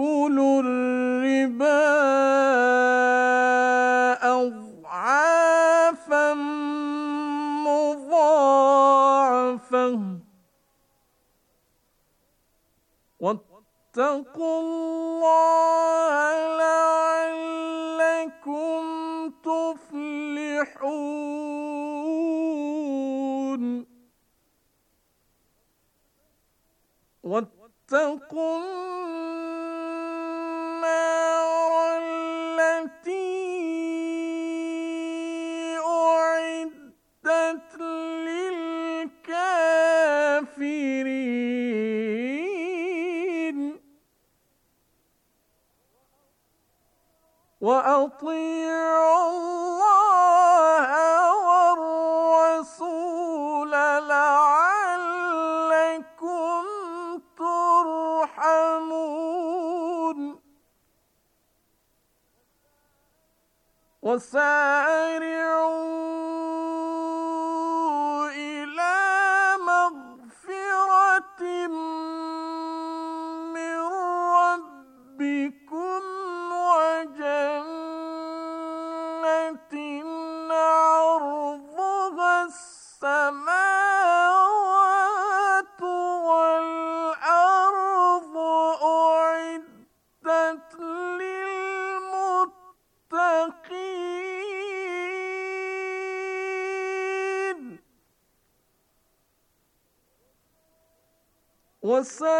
يَأْكُلُ الرِّبَا أَضْعَافًا مُضَاعَفَةً وَاتَّقُوا اللَّهَ لَعَلَّكُمْ تُفْلِحُونَ وَاتَّقُوا what's up?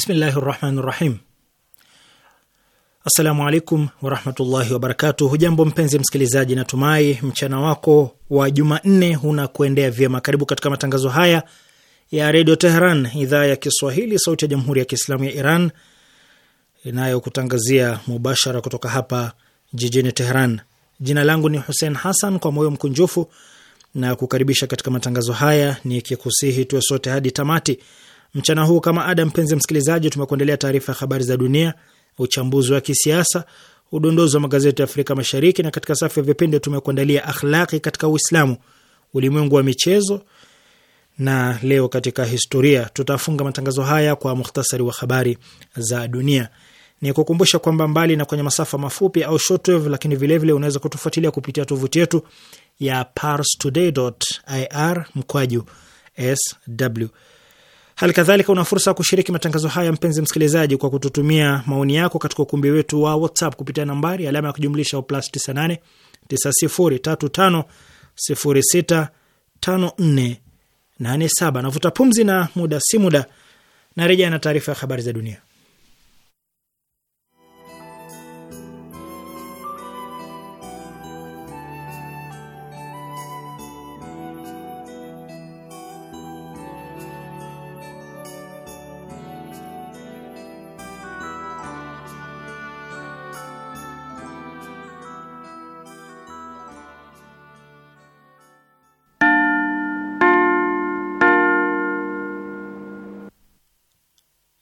Bismillahi rahmani rahim. Assalamu alaikum warahmatullahi wabarakatuh. Hujambo mpenzi msikilizaji, natumai mchana wako wa Jumanne unakuendea vyema. Karibu katika matangazo haya ya redio Teheran, idhaa ya Kiswahili, sauti ya jamhuri ya kiislamu ya Iran inayokutangazia mubashara kutoka hapa jijini Teheran. Jina langu ni Hussein Hassan, kwa moyo mkunjufu na kukaribisha katika matangazo haya nikikusihi tuwe sote hadi tamati mchana huu. Kama ada, mpenzi msikilizaji, tumekuandalia taarifa ya habari za dunia, uchambuzi wa kisiasa, udondozi wa magazeti ya Afrika Mashariki, na katika safu ya vipindi tumekuandalia akhlaki katika Uislamu, ulimwengu wa michezo na leo katika historia. Tutafunga matangazo haya kwa muhtasari wa habari za dunia. Ni kukumbusha kwamba mbali na kwenye masafa mafupi au shortwave, lakini vilevile unaweza kutufuatilia kupitia tovuti yetu ya parstoday.ir mkwaju sw Hali kadhalika una fursa ya kushiriki matangazo haya, mpenzi msikilizaji, kwa kututumia maoni yako katika ukumbi wetu wa WhatsApp kupitia nambari alama ya kujumlisha plus 98 9035 06 Navuta pumzi na muda si muda na rejea na taarifa ya habari za dunia.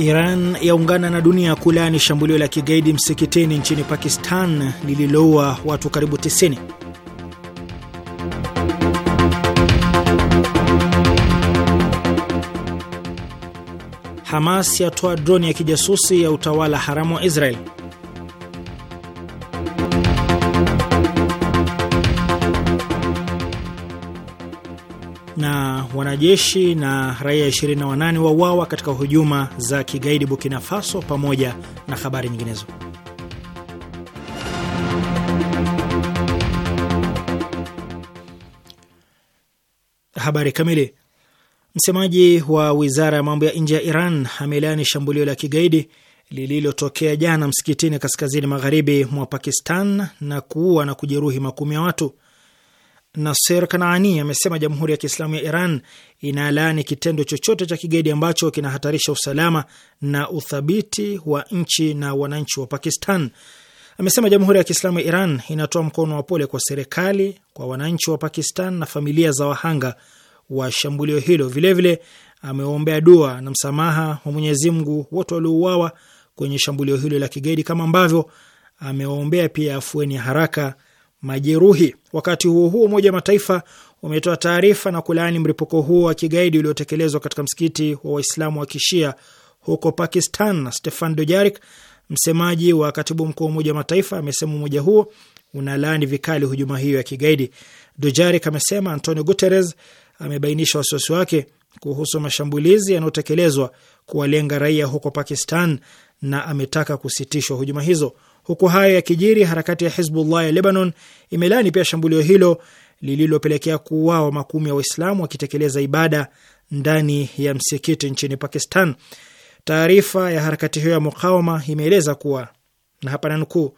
Iran yaungana na dunia kulaani shambulio la kigaidi msikitini nchini Pakistan lililoua watu karibu 90. Hamas yatoa droni ya kijasusi ya utawala haramu wa Israel. na wanajeshi na raia 28 wauawa katika hujuma za kigaidi Burkina Faso, pamoja na habari nyinginezo. Habari kamili. Msemaji wa wizara ya mambo ya nje ya Iran amelaani shambulio la kigaidi lililotokea jana msikitini kaskazini magharibi mwa Pakistan na kuua na kujeruhi makumi ya watu. Nasser Kanaani amesema Jamhuri ya Kiislamu ya Iran inalaani kitendo chochote cha kigaidi ambacho kinahatarisha usalama na uthabiti wa nchi na wananchi wa Pakistan. Amesema Jamhuri ya Kiislamu ya Iran inatoa mkono wa pole kwa serikali, kwa wananchi wa Pakistan na familia za wahanga wa shambulio hilo. Vilevile amewaombea dua na msamaha wa Mwenyezi Mungu wote waliouawa kwenye shambulio hilo la kigaidi, kama ambavyo amewaombea pia afueni ya haraka majeruhi. Wakati huo huo, Umoja wa Mataifa umetoa taarifa na kulaani mlipuko huo wa kigaidi uliotekelezwa katika msikiti wa Waislamu wa kishia huko Pakistan. Stefan Dojarik, msemaji wa katibu mkuu wa Umoja wa Mataifa, amesema umoja huo unalaani vikali hujuma hiyo ya kigaidi. Dojarik amesema Antonio Guterres amebainisha wasiwasi wake kuhusu mashambulizi yanayotekelezwa kuwalenga raia huko Pakistan na ametaka kusitishwa hujuma hizo. Huku hayo ya kijiri, harakati ya Hizbullah ya Lebanon imelani pia shambulio hilo lililopelekea kuuawa makumi ya Waislamu wakitekeleza ibada ndani ya msikiti nchini Pakistan. Taarifa ya harakati hiyo ya mukawama imeeleza kuwa na hapa nanukuu,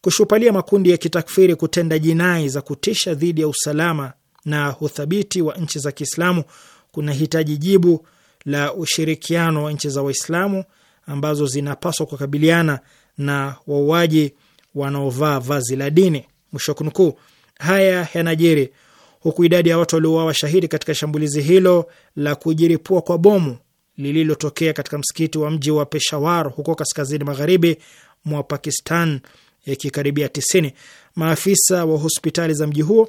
kushupalia makundi ya kitakfiri kutenda jinai za kutisha dhidi ya usalama na uthabiti wa nchi za Kiislamu kuna hitaji jibu la ushirikiano wa nchi za Waislamu ambazo zinapaswa kukabiliana na wauaji wanaovaa vazi la dini, mwisho wa kunukuu. Haya yanajiri huku idadi ya watu waliouawa shahidi katika shambulizi hilo la kujiripua kwa bomu lililotokea katika msikiti wa mji wa Peshawar huko kaskazini magharibi mwa Pakistan yakikaribia tisini. Maafisa wa hospitali za mji huo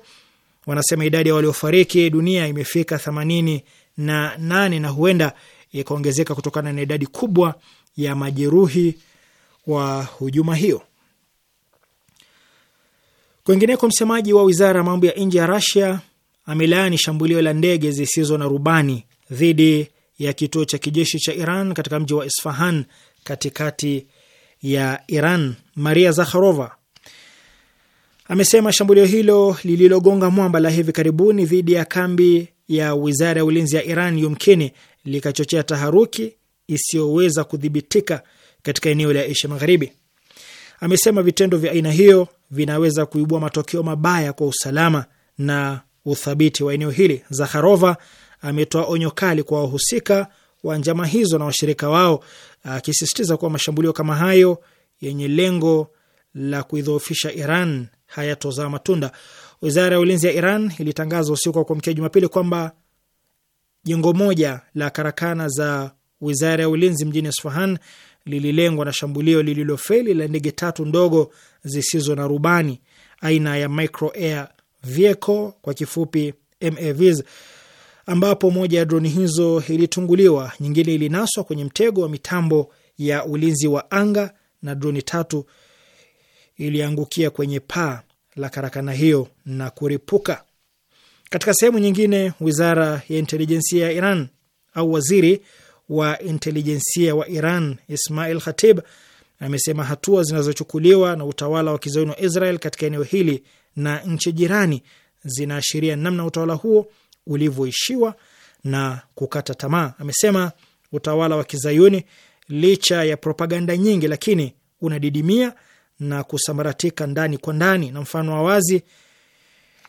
wanasema idadi ya waliofariki dunia imefika themanini na nane na huenda ikaongezeka kutokana na idadi kubwa ya majeruhi wa hujuma hiyo. Kwingineko, msemaji wa wizara ya mambo ya nje ya Rasia amelaani shambulio la ndege zisizo na rubani dhidi ya kituo cha kijeshi cha Iran katika mji wa Isfahan katikati ya Iran. Maria Zakharova amesema shambulio hilo lililogonga mwamba la hivi karibuni dhidi ya kambi ya wizara ya ulinzi ya Iran yumkini likachochea taharuki isiyoweza kudhibitika katika eneo la Asia Magharibi. Amesema vitendo vya aina hiyo vinaweza kuibua matokeo mabaya kwa usalama na uthabiti wa eneo hili. Zakharova ametoa onyo kali kwa wahusika wa njama hizo na washirika wao, akisisitiza kuwa mashambulio kama hayo yenye lengo la kuidhoofisha Iran hayatozaa matunda. Wizara ya ulinzi ya Iran ilitangaza usiku wa kuamkia Jumapili kwamba jengo moja la karakana za wizara ya ulinzi mjini Isfahan lililengwa na shambulio lililofeli la ndege tatu ndogo zisizo na rubani aina ya micro air vehicle kwa kifupi MAVs, ambapo moja ya droni hizo ilitunguliwa, nyingine ilinaswa kwenye mtego wa mitambo ya ulinzi wa anga na droni tatu iliangukia kwenye paa la karakana hiyo na kuripuka. Katika sehemu nyingine, wizara ya intelijensia ya Iran au waziri wa intelijensia wa Iran Ismail Khatib amesema hatua zinazochukuliwa na utawala wa kizayuni wa Israel katika eneo hili na nchi jirani zinaashiria namna utawala huo ulivyoishiwa na kukata tamaa. Amesema utawala wa kizayuni licha ya propaganda nyingi, lakini unadidimia na kusambaratika ndani kwa ndani, na mfano wa wazi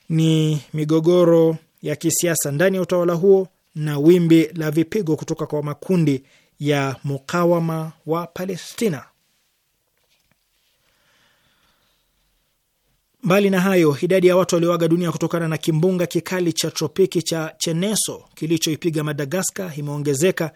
ni migogoro ya kisiasa ndani ya utawala huo na wimbi la vipigo kutoka kwa makundi ya mukawama wa Palestina. Mbali na hayo, idadi ya watu walioaga dunia kutokana na kimbunga kikali cha tropiki cha Cheneso kilichoipiga Madagaskar imeongezeka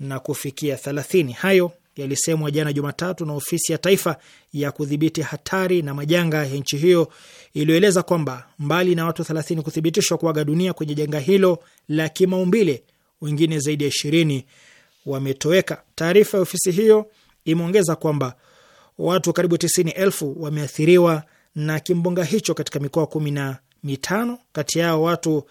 na kufikia thelathini. Hayo yalisemwa jana Jumatatu na ofisi ya taifa ya kudhibiti hatari na majanga ya nchi hiyo iliyoeleza kwamba mbali na watu 30 kuthibitishwa kuaga dunia kwenye janga hilo la kimaumbile, wengine zaidi ya 20 wametoweka. Taarifa ya ofisi hiyo imeongeza kwamba watu karibu 90,000 wameathiriwa na kimbunga hicho katika mikoa kumi na mitano. Kati yao watu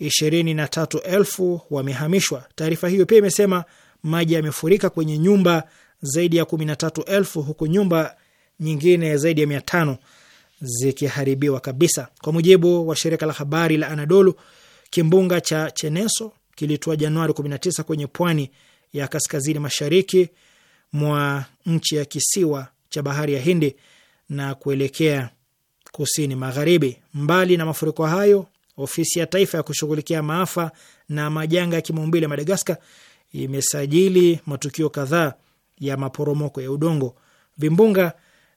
23,000 wamehamishwa. Taarifa hiyo pia imesema maji yamefurika kwenye nyumba zaidi ya kumi na tatu elfu huku nyumba nyingine zaidi ya mia tano zikiharibiwa kabisa. Kwa mujibu wa shirika la habari la Anadolu, kimbunga cha Cheneso kilitua Januari 19 kwenye pwani ya kaskazini mashariki mwa nchi ya kisiwa cha bahari ya Hindi na kuelekea kusini magharibi. Mbali na mafuriko hayo, ofisi ya taifa ya kushughulikia maafa na majanga ya kimaumbile Madagaskar imesajili matukio kadhaa ya maporomoko ya udongo. Vimbunga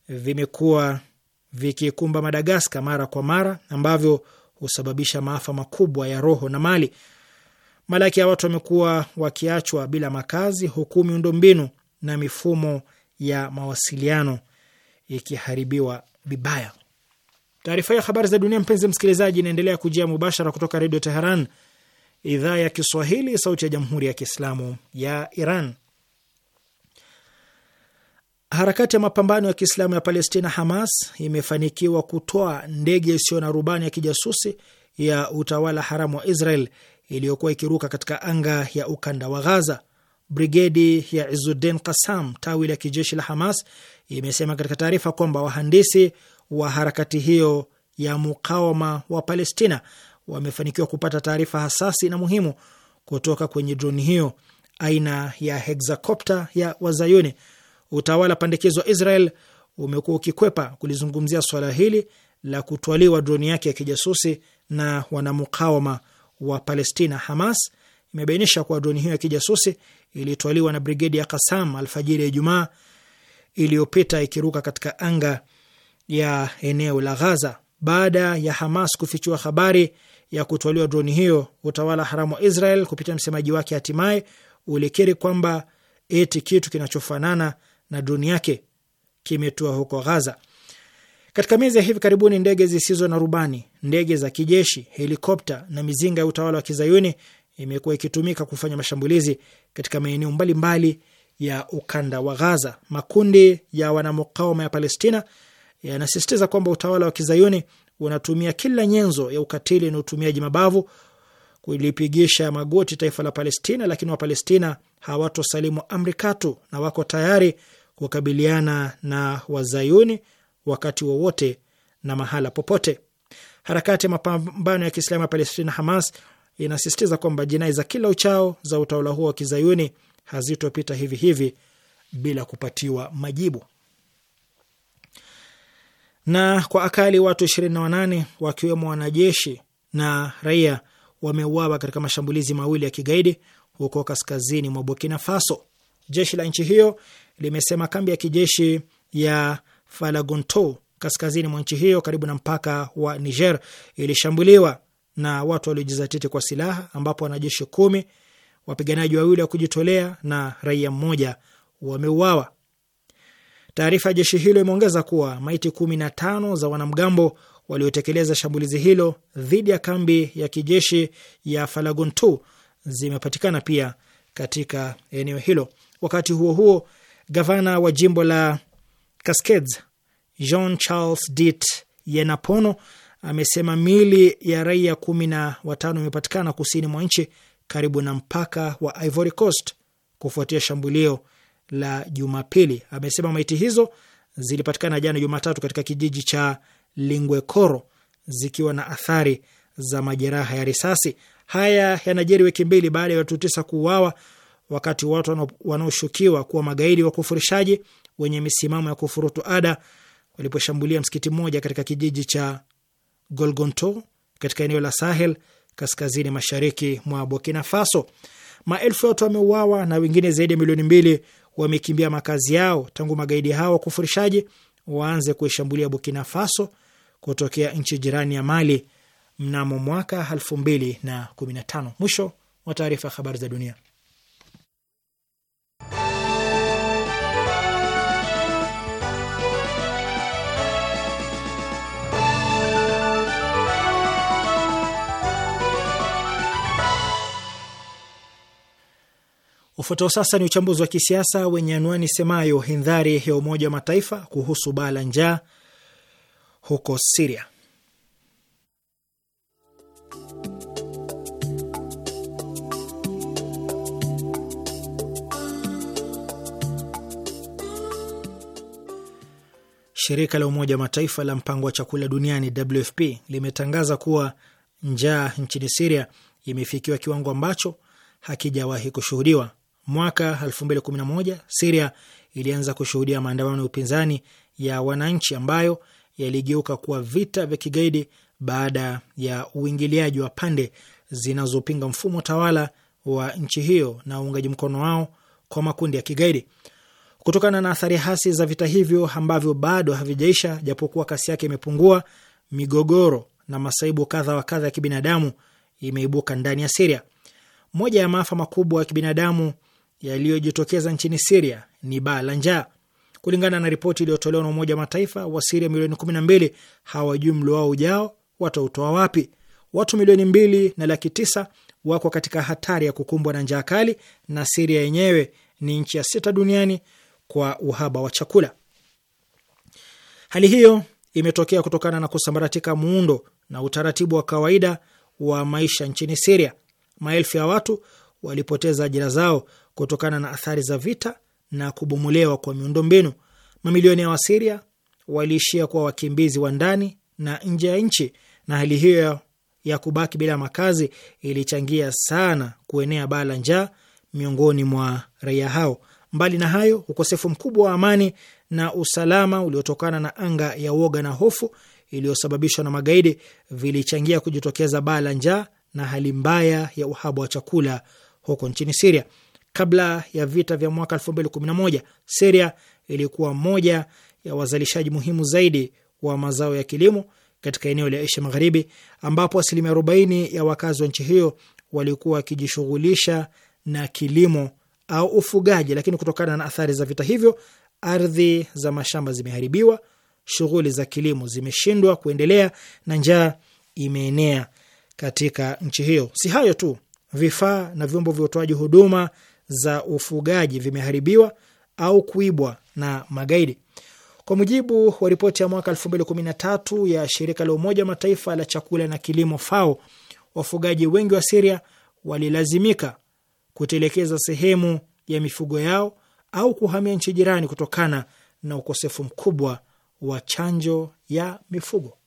vimekuwa vikikumba Madagaska mara kwa mara, ambavyo husababisha maafa makubwa ya roho na mali. Malaki ya watu wamekuwa wakiachwa bila makazi, huku miundombinu na mifumo ya mawasiliano ikiharibiwa vibaya. Taarifa ya habari za dunia, mpenzi msikilizaji, inaendelea kujia mubashara kutoka Redio Teheran, idhaa ya Kiswahili, sauti ya jamhuri ya kiislamu ya Iran. Harakati ya mapambano ya kiislamu ya Palestina, Hamas, imefanikiwa kutoa ndege isiyo na rubani ya kijasusi ya utawala haramu wa Israel iliyokuwa ikiruka katika anga ya ukanda wa Ghaza. Brigedi ya Izudin Kasam, tawi la kijeshi la Hamas, imesema katika taarifa kwamba wahandisi wa harakati hiyo ya mukawama wa Palestina wamefanikiwa kupata taarifa hasasi na muhimu kutoka kwenye droni hiyo aina ya hexacopter ya Wazayuni. Utawala pandikizo wa Israel umekuwa ukikwepa kulizungumzia swala hili la kutwaliwa droni yake ya kijasusi na wanamukawama wa Palestina. Hamas imebainisha kuwa droni hiyo ya kijasusi ilitwaliwa na brigedi ya Kasam alfajiri ya Ijumaa iliyopita ikiruka katika anga ya eneo la Ghaza baada ya Hamas kufichua habari ya kutwaliwa droni hiyo, utawala haramu wa Israel kupitia msemaji wake hatimaye ulikiri kwamba eti kitu kinachofanana na droni yake kimetua huko Gaza. Katika miezi ya hivi karibuni, ndege zisizo na rubani, ndege za kijeshi, helikopta na mizinga ya utawala wa kizayuni imekuwa ikitumika kufanya mashambulizi katika maeneo mbalimbali ya ukanda wa Gaza. Makundi ya wanamukawama ya Palestina yanasisitiza kwamba utawala wa kizayuni wanatumia kila nyenzo ya ukatili na utumiaji mabavu kulipigisha magoti taifa la Palestina, lakini Wapalestina hawatosalimu amri katu na wako tayari kukabiliana na wazayuni wakati wowote na mahala popote. Harakati ya mapambano ya Kiislamu ya Palestina, Hamas, inasisitiza kwamba jinai za kila uchao za utawala huo wa kizayuni hazitopita hivi hivi bila kupatiwa majibu na kwa akali watu 28 wakiwemo wanajeshi na raia wameuawa katika mashambulizi mawili ya kigaidi huko kaskazini mwa Burkina Faso. Jeshi la nchi hiyo limesema kambi ya kijeshi ya Falagonto kaskazini mwa nchi hiyo karibu na mpaka wa Niger ilishambuliwa na watu waliojizatiti kwa silaha, ambapo wanajeshi kumi, wapiganaji wawili wa kujitolea na raia mmoja wameuawa. Taarifa ya jeshi hilo imeongeza kuwa maiti kumi na tano za wanamgambo waliotekeleza shambulizi hilo dhidi ya kambi ya kijeshi ya Falagon 2 zimepatikana pia katika eneo hilo. Wakati huo huo, gavana wa jimbo la Cascades Jean Charles Dit Yenapono amesema mili ya raia kumi na watano imepatikana kusini mwa nchi karibu na mpaka wa Ivory Coast kufuatia shambulio la Jumapili. Amesema maiti hizo zilipatikana jana Jumatatu katika kijiji cha Lingwekoro zikiwa na athari za majeraha ya risasi. Haya yanajiri wiki mbili baada ya watu tisa kuuawa wakati watu wanaoshukiwa kuwa magaidi wa kufurishaji wenye misimamo ya kufurutu ada waliposhambulia msikiti mmoja katika kijiji cha Golgonto katika eneo la Sahel kaskazini mashariki mwa Burkina Faso. Maelfu ya watu wameuawa na wengine zaidi ya milioni mbili wamekimbia makazi yao tangu magaidi hao wakufurishaji waanze kuishambulia Burkina Faso kutokea nchi jirani ya Mali mnamo mwaka elfu Mwisho wa taarifa ya habari za dunia. Ufuatao sasa ni uchambuzi wa kisiasa wenye anwani semayo hindhari ya Umoja wa Mataifa kuhusu baa la njaa huko Siria. Shirika la Umoja wa Mataifa la mpango wa chakula duniani WFP limetangaza kuwa njaa nchini Siria imefikiwa kiwango ambacho hakijawahi kushuhudiwa. Mwaka 2011 Siria ilianza kushuhudia maandamano ya upinzani ya wananchi ambayo yaligeuka kuwa vita vya kigaidi baada ya uingiliaji wa pande zinazopinga mfumo tawala wa nchi hiyo na uungaji mkono wao kwa makundi ya kigaidi. Kutokana na athari hasi za vita hivyo ambavyo bado havijaisha, japokuwa kasi yake imepungua, migogoro na masaibu kadha wa kadha ya kibinadamu imeibuka ndani ya Siria. Moja ya maafa makubwa ya kibinadamu yaliyojitokeza nchini Siria ni baa la njaa. Kulingana na ripoti iliyotolewa na Umoja wa Mataifa, Wasiria milioni 12 hawajui mlo wao ujao watautoa wapi. Watu milioni mbili na laki tisa wako katika hatari ya kukumbwa na njaa kali, na Siria yenyewe ni nchi ya sita duniani kwa uhaba wa chakula. Hali hiyo imetokea kutokana na kusambaratika muundo na utaratibu wa kawaida wa maisha nchini Siria. Maelfu ya watu walipoteza ajira zao kutokana na athari za vita na kubomolewa kwa miundombinu. Mamilioni ya Wasiria waliishia kuwa wakimbizi wa ndani na nje ya nchi, na hali hiyo ya kubaki bila makazi ilichangia sana kuenea baa la njaa miongoni mwa raia hao. Mbali na hayo, ukosefu mkubwa wa amani na usalama uliotokana na anga ya woga na hofu iliyosababishwa na magaidi vilichangia kujitokeza baa la njaa na hali mbaya ya uhaba wa chakula huko nchini Siria. Kabla ya vita vya mwaka 2011 Syria ilikuwa moja ya wazalishaji muhimu zaidi wa mazao ya kilimo katika eneo la Asia Magharibi, ambapo asilimia 40 ya wakazi wa nchi hiyo walikuwa wakijishughulisha na kilimo au ufugaji. Lakini kutokana na athari za vita hivyo, ardhi za mashamba zimeharibiwa, shughuli za kilimo zimeshindwa kuendelea na njaa imeenea katika nchi hiyo. Si hayo tu, vifaa na vyombo vya utoaji huduma za ufugaji vimeharibiwa au kuibwa na magaidi. Kwa mujibu wa ripoti ya mwaka 2013 ya shirika la Umoja wa Mataifa la chakula na kilimo FAO, wafugaji wengi wa Siria walilazimika kutelekeza sehemu ya mifugo yao au kuhamia nchi jirani kutokana na ukosefu mkubwa wa chanjo ya mifugo.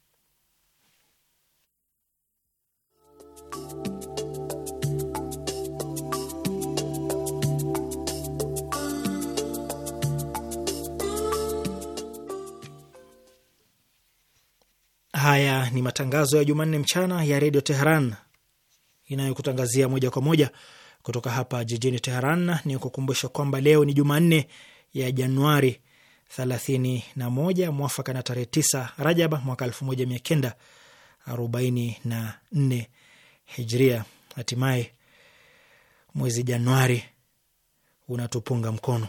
Haya ni matangazo ya Jumanne mchana ya Redio Teheran inayokutangazia moja kwa moja kutoka hapa jijini Teheran. Ni kukumbusha kwamba leo ni Jumanne ya Januari 31 mwafaka na tarehe 9 Rajaba mwaka 1944 Hijria. Hatimaye mwezi Januari unatupunga mkono.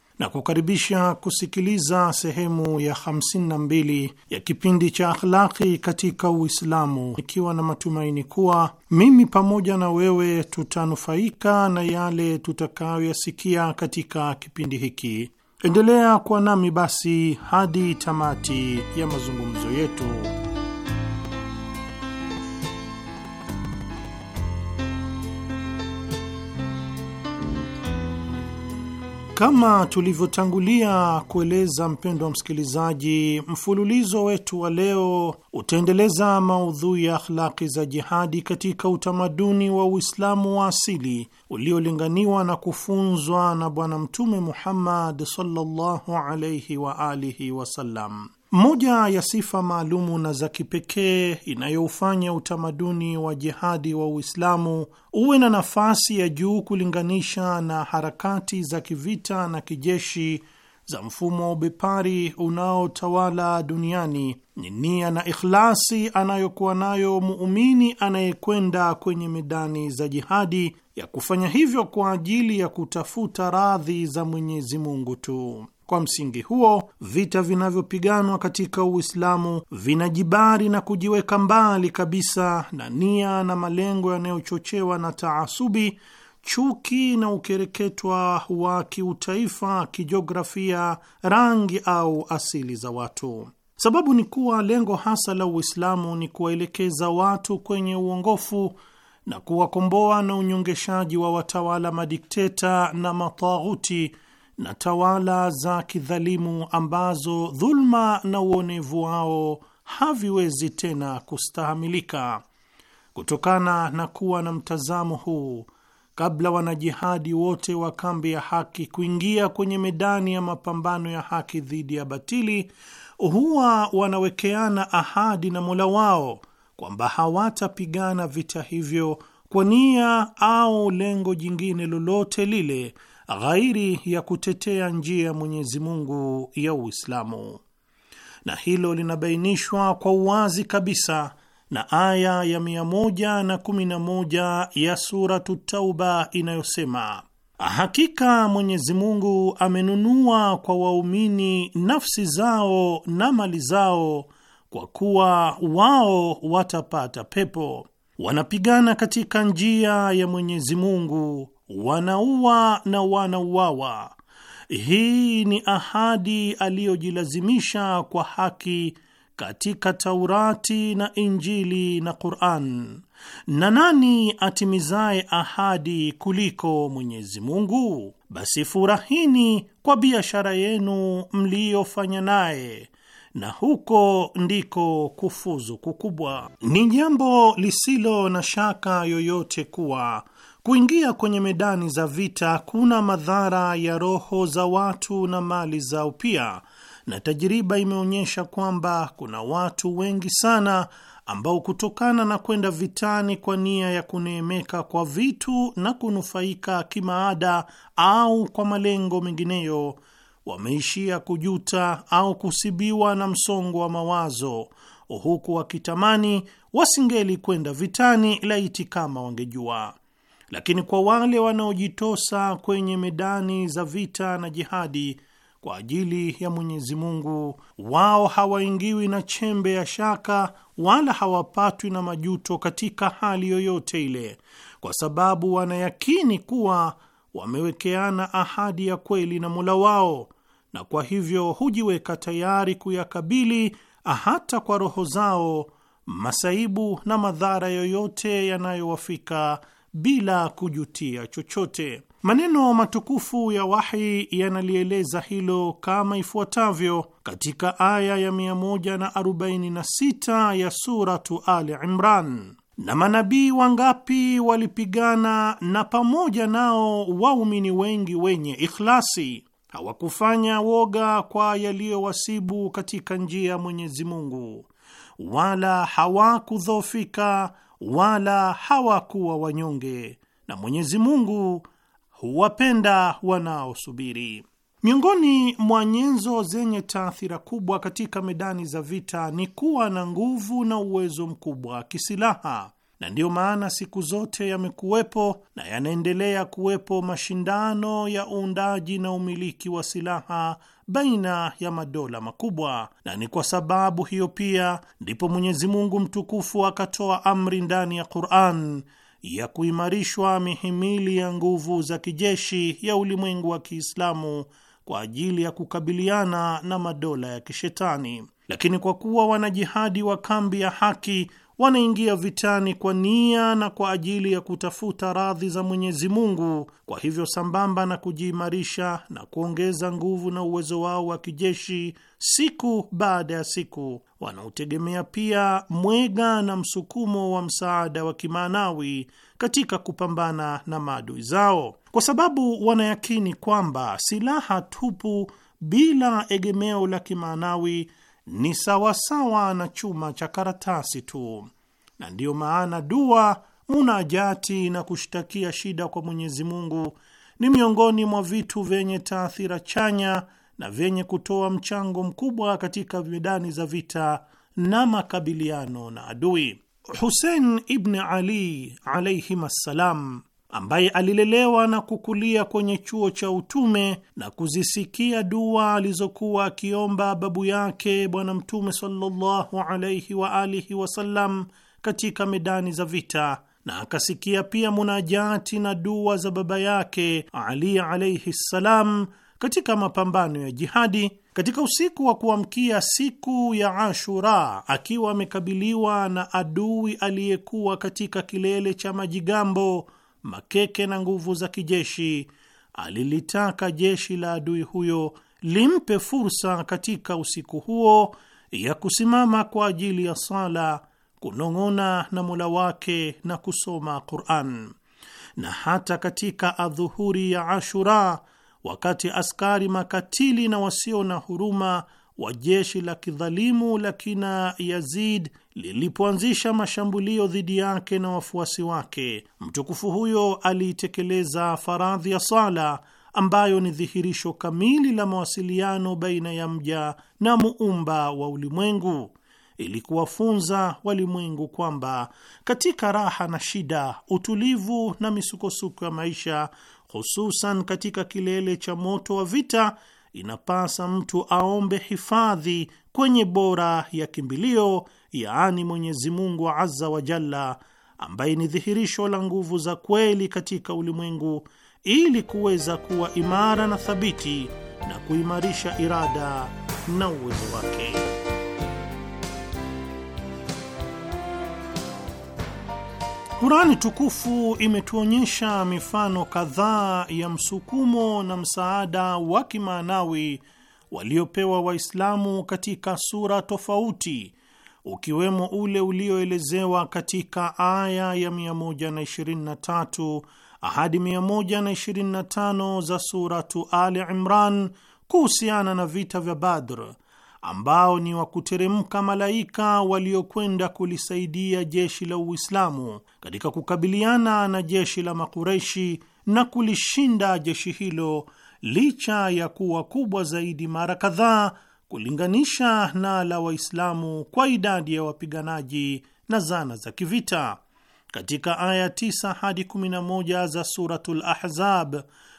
na kukaribisha kusikiliza sehemu ya 52 ya kipindi cha Akhlaqi katika Uislamu, ikiwa na matumaini kuwa mimi pamoja na wewe tutanufaika na yale tutakayoyasikia katika kipindi hiki. Endelea kuwa nami basi hadi tamati ya mazungumzo yetu. Kama tulivyotangulia kueleza, mpendwa msikilizaji, mfululizo wetu wa leo utaendeleza maudhui ya akhlaki za jihadi katika utamaduni wa Uislamu wa asili uliolinganiwa na kufunzwa na Bwana Mtume Muhammad sallallahu alayhi wa alihi wasallam. Moja ya sifa maalumu na za kipekee inayoufanya utamaduni wa jihadi wa Uislamu uwe na nafasi ya juu kulinganisha na harakati za kivita na kijeshi za mfumo wa ubepari unaotawala duniani ni nia na ikhlasi anayokuwa nayo muumini anayekwenda kwenye medani za jihadi, ya kufanya hivyo kwa ajili ya kutafuta radhi za Mwenyezi Mungu tu. Kwa msingi huo, vita vinavyopiganwa katika Uislamu vinajibari na kujiweka mbali kabisa na nia na malengo yanayochochewa na taasubi, chuki na ukereketwa wa kiutaifa, kijiografia, rangi au asili za watu. Sababu ni kuwa lengo hasa la Uislamu ni kuwaelekeza watu kwenye uongofu na kuwakomboa na unyongeshaji wa watawala madikteta na mataghuti na tawala za kidhalimu ambazo dhulma na uonevu wao haviwezi tena kustahamilika. Kutokana na kuwa na mtazamo huu, kabla wanajihadi wote wa kambi ya haki kuingia kwenye medani ya mapambano ya haki dhidi ya batili, huwa wanawekeana ahadi na Mola wao kwamba hawatapigana vita hivyo kwa nia au lengo jingine lolote lile ghairi ya kutetea njia ya Mwenyezi Mungu ya Uislamu, na hilo linabainishwa kwa uwazi kabisa na aya ya 111 ya Suratu Tauba inayosema Hakika Mwenyezi Mungu amenunua kwa waumini nafsi zao na mali zao, kwa kuwa wao watapata pepo. Wanapigana katika njia ya Mwenyezi Mungu, wanaua na wanauawa. Hii ni ahadi aliyojilazimisha kwa haki katika Taurati na Injili na Quran. Na nani atimizaye ahadi kuliko Mwenyezi Mungu? Basi furahini kwa biashara yenu mliyofanya naye na huko ndiko kufuzu kukubwa. Ni jambo lisilo na shaka yoyote kuwa Kuingia kwenye medani za vita kuna madhara ya roho za watu na mali zao pia, na tajiriba imeonyesha kwamba kuna watu wengi sana ambao kutokana na kwenda vitani kwa nia ya kuneemeka kwa vitu na kunufaika kimaada au kwa malengo mengineyo, wameishia kujuta au kusibiwa na msongo wa mawazo, huku wakitamani wasingeli kwenda vitani, laiti kama wangejua lakini kwa wale wanaojitosa kwenye medani za vita na jihadi kwa ajili ya Mwenyezi Mungu, wao hawaingiwi na chembe ya shaka wala hawapatwi na majuto katika hali yoyote ile, kwa sababu wanayakini kuwa wamewekeana ahadi ya kweli na Mola wao, na kwa hivyo hujiweka tayari kuyakabili hata kwa roho zao masaibu na madhara yoyote yanayowafika bila kujutia chochote. Maneno matukufu ya wahi yanalieleza hilo kama ifuatavyo katika aya ya 146 ya Suratu Ali Imran: na manabii wangapi walipigana na pamoja nao waumini wengi wenye ikhlasi, hawakufanya woga kwa yaliyowasibu katika njia ya Mwenyezi Mungu, wala hawakudhoofika wala hawakuwa wanyonge, na Mwenyezi Mungu huwapenda wanaosubiri. Miongoni mwa nyenzo zenye taathira kubwa katika medani za vita ni kuwa na nguvu na uwezo mkubwa kisilaha, na ndiyo maana siku zote yamekuwepo na yanaendelea kuwepo mashindano ya uundaji na umiliki wa silaha baina ya madola makubwa, na ni kwa sababu hiyo pia ndipo Mwenyezi Mungu mtukufu akatoa amri ndani ya Qur'an ya kuimarishwa mihimili ya nguvu za kijeshi ya ulimwengu wa Kiislamu kwa ajili ya kukabiliana na madola ya kishetani. Lakini kwa kuwa wanajihadi wa kambi ya haki wanaingia vitani kwa nia na kwa ajili ya kutafuta radhi za Mwenyezi Mungu. Kwa hivyo, sambamba na kujiimarisha na kuongeza nguvu na uwezo wao wa kijeshi siku baada ya siku, wanaotegemea pia mwega na msukumo wa msaada wa kimaanawi katika kupambana na maadui zao, kwa sababu wanayakini kwamba silaha tupu bila egemeo la kimaanawi ni sawasawa na chuma cha karatasi tu, na ndiyo maana dua, munajati na kushtakia shida kwa Mwenyezi Mungu ni miongoni mwa vitu vyenye taathira chanya na vyenye kutoa mchango mkubwa katika medani za vita na makabiliano na adui. Husein ibn Ali alayhim assalam ambaye alilelewa na kukulia kwenye chuo cha utume na kuzisikia dua alizokuwa akiomba babu yake Bwana Mtume sallallahu alaihi wa alihi wasallam katika medani za vita, na akasikia pia munajati na dua za baba yake Ali alaihi ssalam katika mapambano ya jihadi. Katika usiku wa kuamkia siku ya Ashura, akiwa amekabiliwa na adui aliyekuwa katika kilele cha majigambo makeke na nguvu za kijeshi, alilitaka jeshi la adui huyo limpe fursa katika usiku huo ya kusimama kwa ajili ya sala, kunong'ona na Mola wake na kusoma Qur'an. Na hata katika adhuhuri ya Ashura, wakati askari makatili na wasio na huruma wa jeshi la kidhalimu la kina Yazid lilipoanzisha mashambulio dhidi yake na wafuasi wake, mtukufu huyo aliitekeleza faradhi ya sala ambayo ni dhihirisho kamili la mawasiliano baina ya mja na muumba wa ulimwengu ili kuwafunza walimwengu kwamba katika raha na shida, utulivu na misukosuko ya maisha, hususan katika kilele cha moto wa vita, inapasa mtu aombe hifadhi kwenye bora ya kimbilio yaani Mwenyezi Mungu Azza wa Jalla, ambaye ni dhihirisho la nguvu za kweli katika ulimwengu, ili kuweza kuwa imara na thabiti na kuimarisha irada na uwezo wake. Kurani tukufu imetuonyesha mifano kadhaa ya msukumo na msaada wa kimaanawi waliopewa Waislamu katika sura tofauti ukiwemo ule ulioelezewa katika aya ya 123 hadi 125 za Suratu Ali Imran kuhusiana na vita vya Badr ambao ni wa kuteremka malaika waliokwenda kulisaidia jeshi la Uislamu katika kukabiliana na jeshi la Makureshi na kulishinda jeshi hilo licha ya kuwa kubwa zaidi mara kadhaa kulinganisha na la Waislamu kwa idadi ya wapiganaji na zana za kivita. Katika aya 9 hadi 11 za Suratul Ahzab,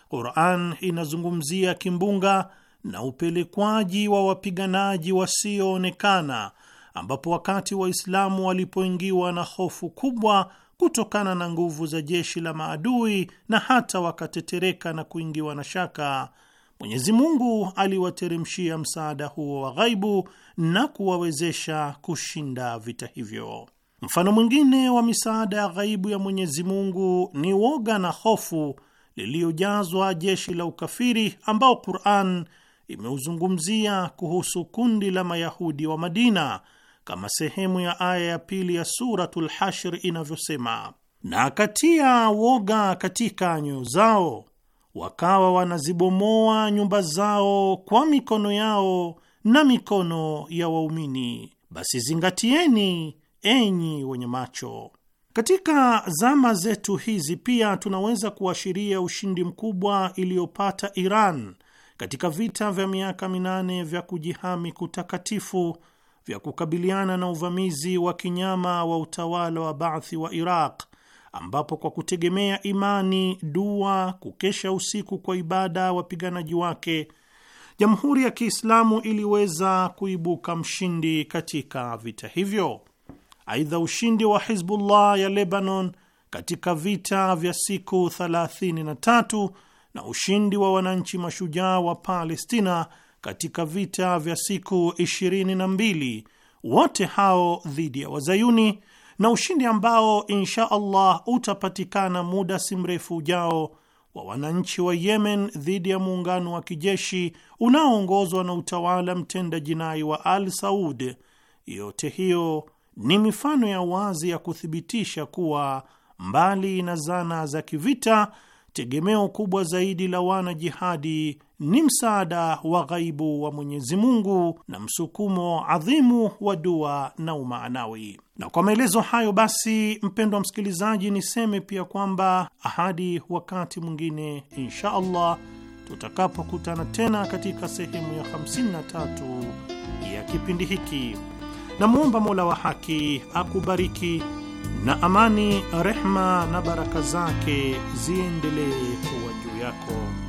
Quran inazungumzia kimbunga na upelekwaji wa wapiganaji wasioonekana, ambapo wakati Waislamu walipoingiwa na hofu kubwa kutokana na nguvu za jeshi la maadui na hata wakatetereka na kuingiwa na shaka Mwenyezi Mungu aliwateremshia msaada huo wa ghaibu na kuwawezesha kushinda vita hivyo. Mfano mwingine wa misaada ya ghaibu ya Mwenyezi Mungu ni woga na hofu liliyojazwa jeshi la ukafiri ambao Qur'an imeuzungumzia kuhusu kundi la Mayahudi wa Madina kama sehemu ya aya ya pili ya Suratul Hashr inavyosema, na akatia woga katika nyoyo zao wakawa wanazibomoa nyumba zao kwa mikono yao na mikono ya waumini. Basi zingatieni, enyi wenye macho. Katika zama zetu hizi pia tunaweza kuashiria ushindi mkubwa iliyopata Iran katika vita vya miaka minane vya kujihami kutakatifu vya kukabiliana na uvamizi wa kinyama wa utawala wa Baathi wa Iraq ambapo kwa kutegemea imani, dua, kukesha usiku kwa ibada wapiganaji wake, Jamhuri ya Kiislamu iliweza kuibuka mshindi katika vita hivyo. Aidha, ushindi wa Hizbullah ya Lebanon katika vita vya siku 33 na ushindi wa wananchi mashujaa wa Palestina katika vita vya siku 22, wote hao dhidi ya Wazayuni na ushindi ambao insha Allah utapatikana muda si mrefu ujao wa wananchi wa Yemen dhidi ya muungano wa kijeshi unaoongozwa na utawala mtenda jinai wa Al Saud. Yote hiyo ni mifano ya wazi ya kuthibitisha kuwa mbali na zana za kivita, tegemeo kubwa zaidi la wanajihadi ni msaada wa ghaibu wa Mwenyezi Mungu na msukumo adhimu wa dua na umaanawi. Na kwa maelezo hayo basi, mpendwa msikilizaji, niseme pia kwamba ahadi wakati mwingine insha Allah tutakapokutana tena katika sehemu ya 53 ya kipindi hiki. Namwomba Mola wa haki akubariki na amani, rehma na baraka zake ziendelee kuwa juu yako.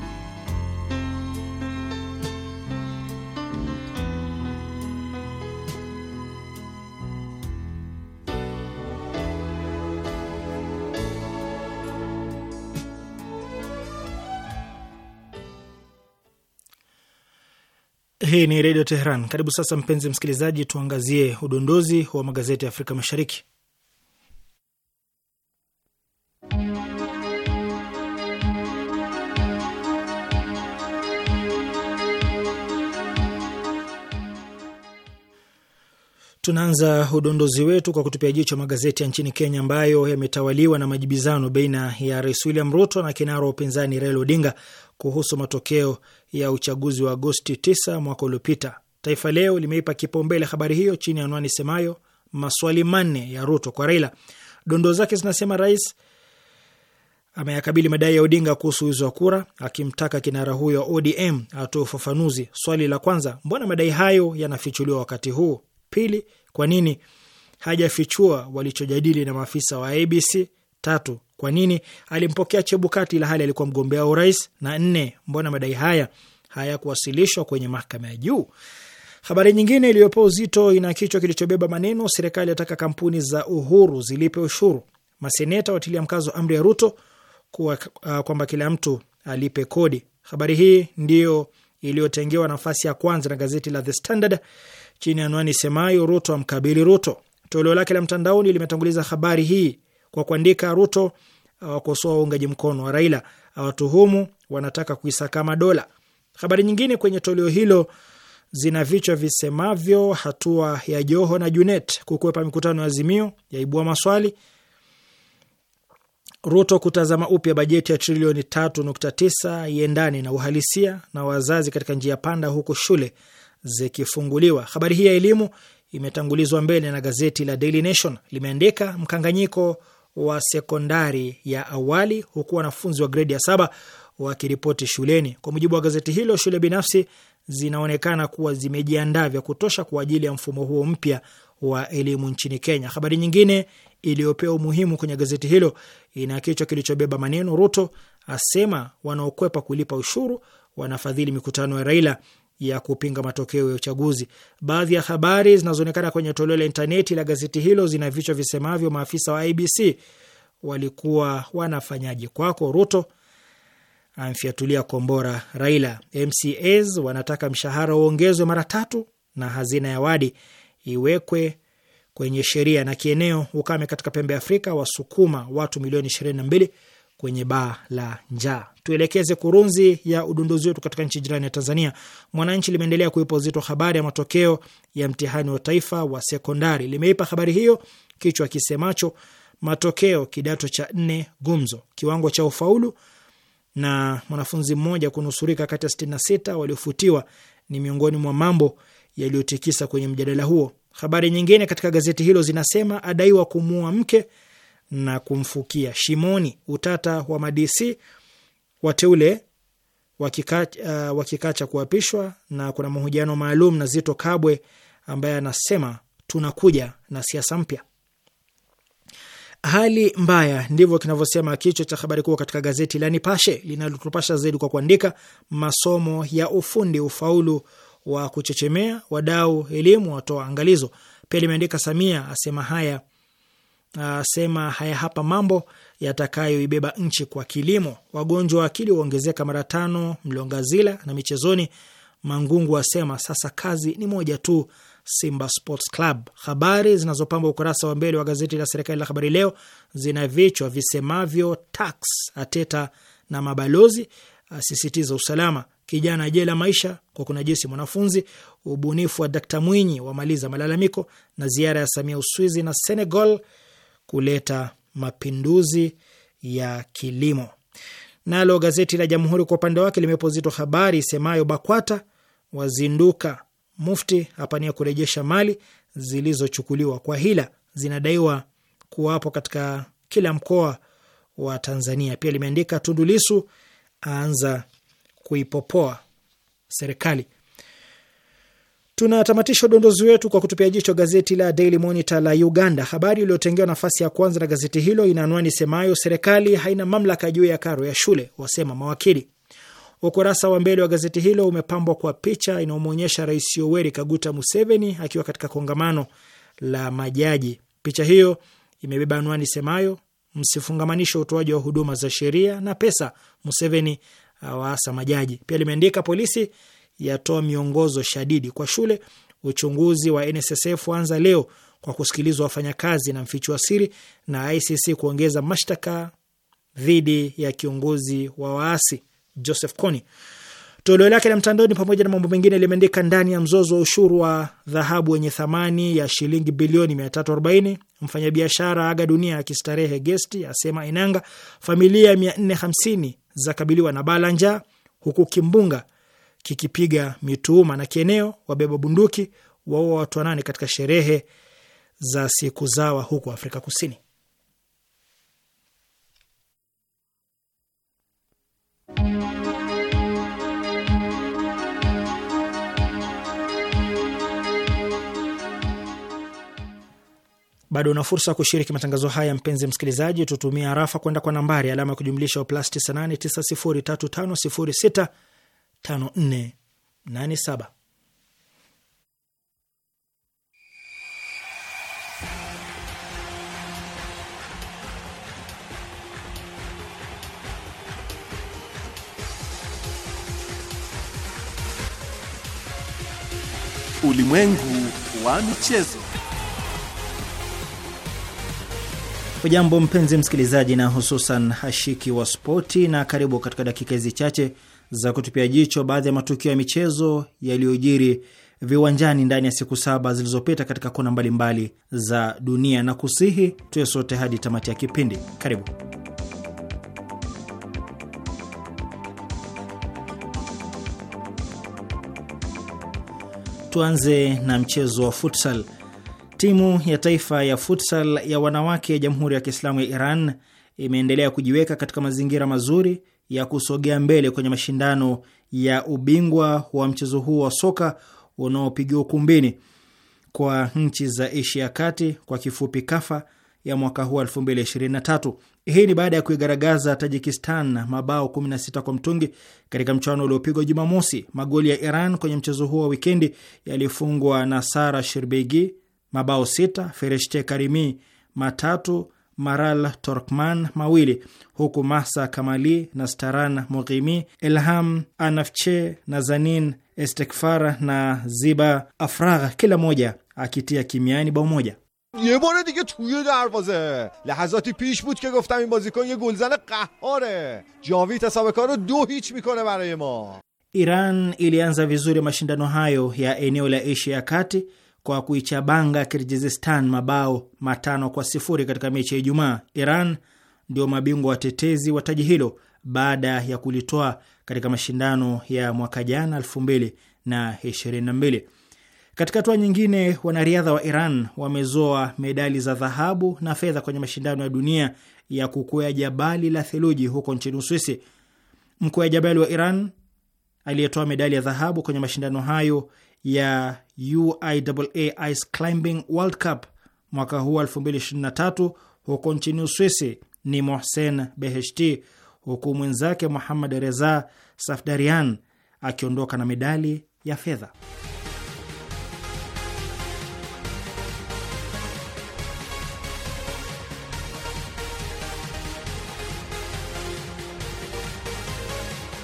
Hii ni Redio Teheran. Karibu sasa, mpenzi msikilizaji, tuangazie udondozi wa magazeti ya Afrika Mashariki. Tunaanza udondozi wetu kwa kutupia jicho magazeti ya nchini Kenya ambayo yametawaliwa na majibizano baina ya Rais William Ruto na kinara wa upinzani Raila Odinga kuhusu matokeo ya uchaguzi wa Agosti 9 mwaka uliopita. Taifa Leo limeipa kipaumbele habari hiyo chini ya anwani semayo maswali manne ya Ruto kwa Raila. Dondoo zake zinasema rais ameyakabili madai ya Odinga kuhusu wizi wa kura, akimtaka kinara huyo wa ODM atoe ufafanuzi. Swali la kwanza, mbona madai hayo yanafichuliwa wakati huu? Pili, kwa nini hajafichua walichojadili na maafisa wa ABC? Tatu, kwa nini alimpokea Chebukati ila hali alikuwa mgombea wa urais? Na nne, mbona madai haya hayakuwasilishwa kwenye mahakama ya juu? Habari nyingine iliyopewa uzito ina kichwa kilichobeba maneno serikali yataka kampuni za Uhuru zilipe ushuru, maseneta watilia mkazo amri ya Ruto kuwa uh, kwamba kila mtu alipe kodi. Habari hii ndiyo iliyotengewa nafasi ya kwanza na gazeti la The Standard chini ya anwani semayo Ruto amkabili Ruto. Toleo lake la mtandaoni limetanguliza habari hii kwa kuandika Ruto awakosoa uungaji mkono wa Raila, awatuhumu wanataka kuisakama dola. Habari nyingine kwenye toleo hilo zina vichwa visemavyo: hatua ya Joho na Junet kukwepa mikutano ya Azimio yaibua maswali; Ruto kutazama upya bajeti ya trilioni 3.9 iendane na uhalisia; na wazazi katika njia panda huku shule zikifunguliwa. Habari hii ya elimu imetangulizwa mbele na gazeti la Daily Nation, limeandika mkanganyiko wa sekondari ya awali, huku wanafunzi wa gredi ya saba wakiripoti shuleni. Kwa mujibu wa gazeti hilo, shule binafsi zinaonekana kuwa zimejiandaa vya kutosha kwa ajili ya mfumo huo mpya wa elimu nchini Kenya. Habari nyingine iliyopewa umuhimu kwenye gazeti hilo ina kichwa kilichobeba maneno Ruto asema wanaokwepa kulipa ushuru wanafadhili mikutano ya Raila ya kupinga matokeo ya uchaguzi. Baadhi ya habari zinazoonekana kwenye toleo la intaneti la gazeti hilo zina vichwa visemavyo: maafisa wa IBC walikuwa wanafanyaje kwako, Ruto amfyatulia kombora Raila, MCAs wanataka mshahara uongezwe mara tatu, na hazina ya wadi iwekwe kwenye sheria. Na kieneo, ukame katika pembe ya Afrika wasukuma watu milioni 22 kwenye baa la njaa tuelekeze kurunzi ya udunduzi wetu katika nchi jirani ya Tanzania. Mwananchi limeendelea kuipa uzito habari ya matokeo ya mtihani wa taifa wa sekondari, limeipa habari hiyo kichwa kisemacho matokeo kidato cha nne gumzo, kiwango cha ufaulu na mwanafunzi mmoja kunusurika kati ya sita waliofutiwa ni miongoni mwa mambo yaliyotikisa kwenye mjadala huo. Habari nyingine katika gazeti hilo zinasema adaiwa kumuua mke na kumfukia shimoni, utata wa madc wateule wakikacha, uh, wakikacha kuapishwa, na kuna mahojiano maalum na Zito Kabwe ambaye anasema tunakuja na siasa mpya. Hali mbaya, ndivyo kinavyosema kichwa cha habari kuu katika gazeti la Nipashe linalotupasha zaidi kwa kuandika masomo ya ufundi ufaulu wa kuchechemea, wadau elimu watoa angalizo. Pia limeandika Samia asema haya asema haya hapa mambo yatakayoibeba nchi kwa kilimo. Wagonjwa wa akili waongezeka mara tano Mlongazila. Na michezoni, Mangungu asema sasa kazi ni moja tu, Simba Sports Club. Habari zinazopamba ukurasa wa mbele wa gazeti la serikali la Habari Leo zina vichwa visemavyo: tax ateta na mabalozi asisitiza usalama, kijana jela maisha kwa kunajisi mwanafunzi, ubunifu wa Dkt Mwinyi wamaliza malalamiko, na ziara ya Samia Uswizi na Senegal kuleta mapinduzi ya kilimo. Nalo gazeti la Jamhuri kwa upande wake limepozitwa habari isemayo BAKWATA wazinduka, Mufti apania kurejesha mali zilizochukuliwa kwa hila, zinadaiwa kuwapo katika kila mkoa wa Tanzania. Pia limeandika Tundu Lissu aanza kuipopoa serikali. Tunatamatisha udondozi wetu kwa kutupia jicho gazeti la Daily Monitor la Uganda. Habari iliyotengewa nafasi ya kwanza na gazeti hilo ina anwani semayo, serikali haina mamlaka juu ya karo ya shule, wasema mawakili. Ukurasa wa mbele wa gazeti hilo umepambwa kwa picha inayomwonyesha Rais Yoweri Kaguta Museveni akiwa katika kongamano la majaji. Picha hiyo imebeba anwani semayo, msifungamanishe utoaji wa huduma za sheria na pesa, Museveni awaasa majaji. Pia limeandika polisi yatoa miongozo shadidi kwa shule. Uchunguzi wa NSSF anza leo kwa kusikilizwa wafanyakazi na mfichu wa siri, na ICC kuongeza mashtaka dhidi ya kiongozi wa waasi Joseph Kony. Toleo lake la mtandaoni pamoja na mambo mengine limeandika ndani ya mzozo wa ushuru wa dhahabu wenye thamani ya shilingi bilioni 340, mfanyabiashara aga dunia akistarehe gesti, asema Inanga. Familia 450 zakabiliwa na bala njaa, huku kimbunga kikipiga mituuma, na kieneo wabeba bunduki waua watu wanane katika sherehe za siku zawa huko Afrika Kusini. Bado una fursa ya kushiriki matangazo haya, mpenzi msikilizaji, tutumia rafa kwenda kwa nambari alama ya kujumlisha plus 98903506 5487. Ulimwengu wa michezo. Hujambo mpenzi msikilizaji, na hususan hashiki wa spoti, na karibu katika dakika hizi chache za kutupia jicho baadhi ya matukio ya michezo yaliyojiri viwanjani ndani ya siku saba zilizopita katika kona mbalimbali za dunia, na kusihi tuwe sote hadi tamati ya kipindi. Karibu. Tuanze na mchezo wa futsal. Timu ya taifa ya futsal ya wanawake ya Jamhuri ya Kiislamu ya Iran imeendelea kujiweka katika mazingira mazuri ya kusogea mbele kwenye mashindano ya ubingwa wa mchezo huu wa soka unaopigiwa ukumbini kwa nchi za Asia ya Kati, kwa kifupi KAFA, ya mwaka huu 2023. Hii ni baada ya kuigaragaza Tajikistan mabao 16 kwa mtungi katika mchuano uliopigwa Jumamosi. Magoli ya Iran kwenye mchezo huo wa wikendi yalifungwa na Sara Shirbegi mabao sita, Fereshte Karimi matatu Maral Torkman mawili, huku Mahsa Kamali na Staran Mughimi, Ilham Anafche na Zanin Estekfar na Ziba Afragh kila moja akitia kimiani bao moja. یه بار دیگه توی دروازه لحظاتی پیش بود که گفتم این بازیکن یه گلزن قهاره جاوید حساب کار رو دو هیچ میکنه برای ما ایران ilianza vizuri mashindano hayo ya eneo la Asia ya kati kwa kuichabanga Kirgizistan mabao matano kwa sifuri katika mechi ya Ijumaa. Iran ndio mabingwa watetezi wa taji hilo baada ya kulitoa katika mashindano ya mwaka jana 2022. Katika hatua nyingine, wanariadha wa Iran wamezoa medali za dhahabu na fedha kwenye mashindano ya dunia ya kukwea jabali la theluji huko nchini Uswisi. Mkwea jabali wa Iran aliyetoa medali ya dhahabu kwenye mashindano hayo ya UIAA Ice Climbing World Cup mwaka huu 2023 huko nchini Uswisi ni Mohsen Beheshti, huku mwenzake Muhammad Reza Safdarian akiondoka na medali ya fedha.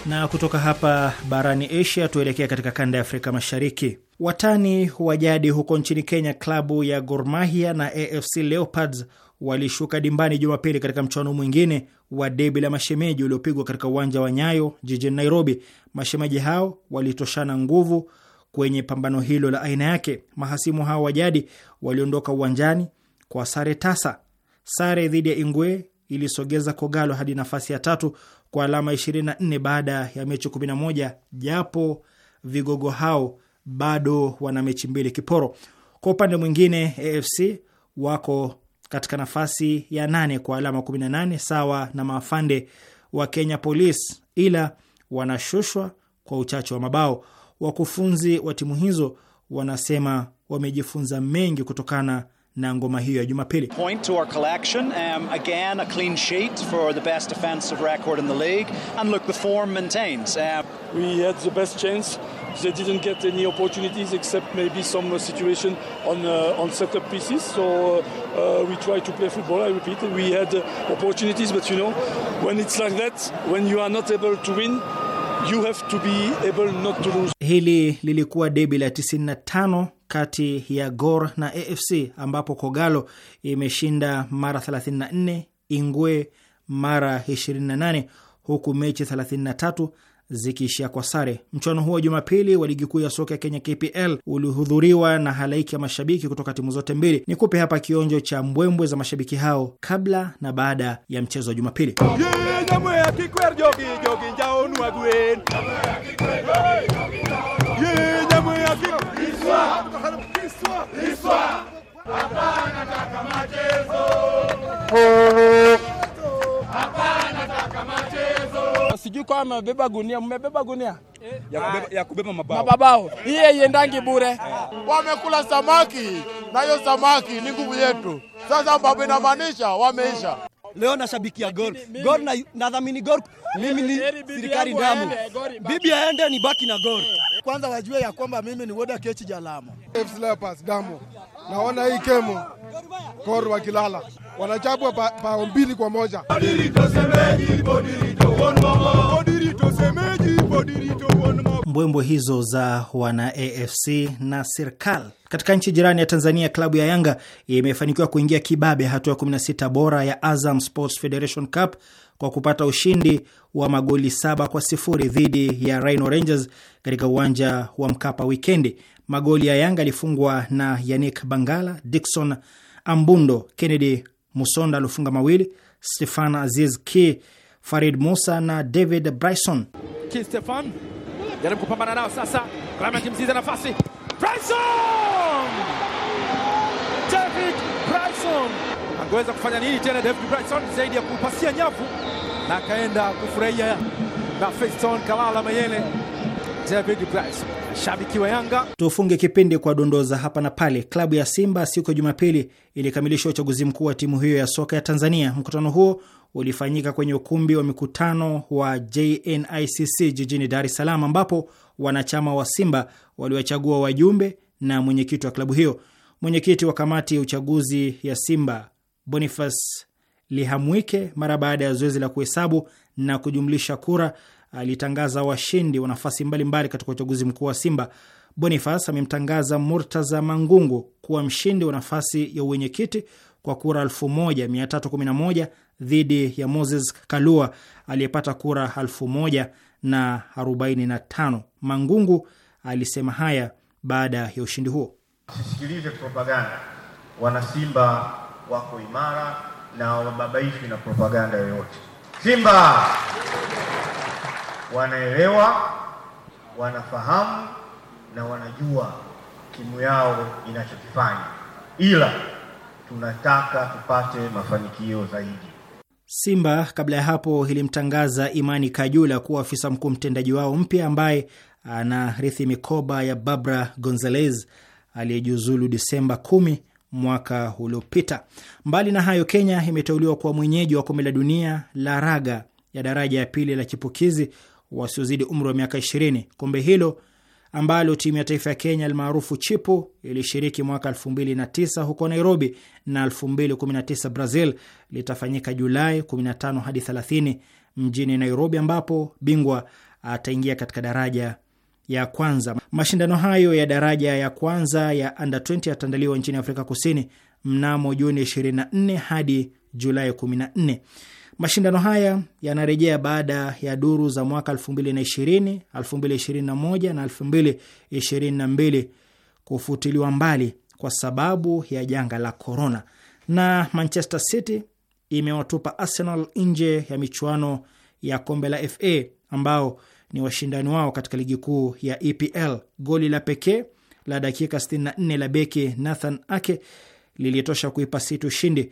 Na kutoka hapa barani Asia tuelekea katika kanda ya Afrika Mashariki. Watani wa jadi huko nchini Kenya, klabu ya Gor Mahia na AFC Leopards walishuka dimbani Jumapili katika mchuano mwingine wa debi la mashemeji uliopigwa katika uwanja wa Nyayo jijini Nairobi. Mashemeji hao walitoshana nguvu kwenye pambano hilo la aina yake. Mahasimu hao wa jadi waliondoka uwanjani kwa sare tasa. Sare dhidi ya Ingwe ilisogeza Kogalo hadi nafasi ya tatu kwa alama 24 baada ya mechi 11, japo vigogo hao bado wana mechi mbili kiporo. Kwa upande mwingine, AFC wako katika nafasi ya nane kwa alama 18 sawa na maafande wa Kenya Police, ila wanashushwa kwa uchache wa mabao. Wakufunzi wa timu hizo wanasema wamejifunza mengi kutokana na ngoma hiyo ya Jumapili. Point to our collection. Um, again, a clean sheet for the best defensive record in the league. And look, the form maintains. Um... We had the best chance. They didn't get any opportunities except maybe some uh, situation on, uh, on setup pieces. So uh, uh, we try to play football. I repeat, we had uh, opportunities, but you know, when it's like that, when you are not able to win, you have to be able not to lose. Hili lilikuwa debi la 95 kati ya Gor na AFC ambapo Kogalo imeshinda mara 34, Ingwe mara 28, huku mechi 33 zikiishia kwa sare. Mchuano huo wa Jumapili wa ligi kuu ya soka ya Kenya, KPL, ulihudhuriwa na halaiki ya mashabiki kutoka timu zote mbili. Ni kupe hapa kionjo cha mbwembwe za mashabiki hao kabla na baada ya mchezo wa Jumapili. Histoire, Sijui kwa mmebeba gunia, mmebeba gunia eh. ya kubeba, ya kubeba mabao. Mababao. Hii iendangi bure. Wamekula samaki na hiyo samaki ni nguvu yetu. Sasa babu inamaanisha wameisha. Leo nashabikia Gor. Gor na nadhamini Gor. Mimi ni serikali damu. Bibi aende ni baki na Gor. Kwanza wajue ya kwamba mimi ni Woda Kechi Jalamo. FC Leopards damu. Naona hii kemo Gor wakilala. Wanachapwa pao mbili kwa moja mbwembwe hizo za wana AFC na serikal Katika nchi jirani ya Tanzania, klabu ya Yanga imefanikiwa kuingia kibabe hatua ya 16 bora ya Azam Sports Federation Cup kwa kupata ushindi wa magoli saba kwa sifuri dhidi ya Rhino Rangers katika uwanja wa Mkapa wikendi. Magoli ya Yanga yalifungwa na Yannick Bangala, Dickson Ambundo, Kennedy Musonda alifunga mawili, Stefan Aziz Ki Farid Musa na David Bryson. Stefan jaribu kupambana nao sasa, Rahma kimziza nafasi, Bryson! David Bryson angeweza kufanya nini tena David Bryson zaidi ya kupasia nyavu, na akaenda kufurahia na Feston Kalala Mayele. David Shabiki wa Yanga. Tufunge kipindi kwa dondoza hapa na pale. Klabu ya Simba siku ya Jumapili ilikamilisha uchaguzi mkuu wa timu hiyo ya soka ya Tanzania. Mkutano huo ulifanyika kwenye ukumbi wa mikutano wa JNICC jijini Dar es Salaam, ambapo wanachama wa Simba waliwachagua wajumbe na mwenyekiti wa klabu hiyo. Mwenyekiti wa kamati ya uchaguzi ya Simba Boniface Lihamwike, mara baada ya zoezi la kuhesabu na kujumlisha kura, alitangaza washindi wa nafasi mbalimbali katika uchaguzi mkuu wa Simba. Boniface amemtangaza Murtaza Mangungu kuwa mshindi wa nafasi ya uwenyekiti kwa kura 1311 dhidi ya Moses Kalua aliyepata kura elfu moja na arobaini na tano. Mangungu alisema haya baada ya ushindi huo. sisikilize propaganda, wanasimba wako imara na wababaishwi na propaganda yoyote. Simba wanaelewa, wanafahamu na wanajua timu yao inachokifanya, ila tunataka tupate mafanikio zaidi. Simba kabla ya hapo ilimtangaza Imani Kajula kuwa afisa mkuu mtendaji wao mpya ambaye anarithi mikoba ya Barbara Gonzalez aliyejiuzulu Disemba 10 mwaka uliopita. Mbali na hayo, Kenya imeteuliwa kuwa mwenyeji wa kombe la dunia la raga ya daraja ya pili la chipukizi wasiozidi umri wa miaka 20. Kombe hilo ambalo timu ya taifa ya Kenya almaarufu Chipu ilishiriki mwaka 2009 huko Nairobi na 2019 Brazil litafanyika Julai 15 hadi 30 mjini Nairobi, ambapo bingwa ataingia katika daraja ya kwanza. Mashindano hayo ya daraja ya kwanza ya under 20 yataandaliwa nchini Afrika Kusini mnamo Juni 24 hadi Julai 14. Mashindano haya yanarejea baada ya duru za mwaka 2020, 2021 na 2022 kufutiliwa mbali kwa sababu ya janga la korona, na Manchester City imewatupa Arsenal nje ya michuano ya kombe la FA ambao ni washindani wao katika ligi kuu ya EPL. Goli la pekee la dakika 64 la beki Nathan Ake lilitosha kuipa City ushindi.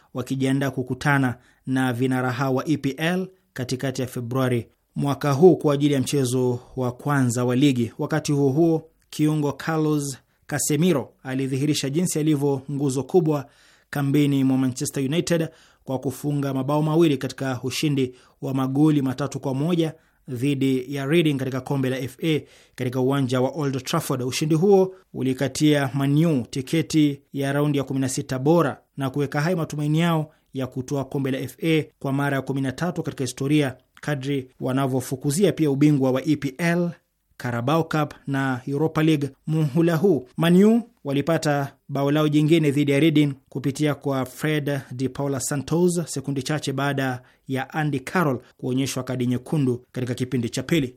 wakijiandaa kukutana na vinara hao wa EPL katikati ya Februari mwaka huu kwa ajili ya mchezo wa kwanza wa ligi. Wakati huo huo, kiungo Carlos Casemiro alidhihirisha jinsi alivyo nguzo kubwa kambini mwa Manchester United kwa kufunga mabao mawili katika ushindi wa magoli matatu kwa moja dhidi ya Reading katika kombe la FA katika uwanja wa Old Trafford. Ushindi huo ulikatia manu tiketi ya raundi ya 16 bora na kuweka hai matumaini yao ya kutoa kombe la FA kwa mara ya 13 katika historia, kadri wanavyofukuzia pia ubingwa wa EPL, Carabao Cup na Europa League muhula huu. Manu walipata bao lao jingine dhidi ya Reading kupitia kwa Fred de Paula Santos sekundi chache baada ya Andy Carroll kuonyeshwa kadi nyekundu katika kipindi cha pili.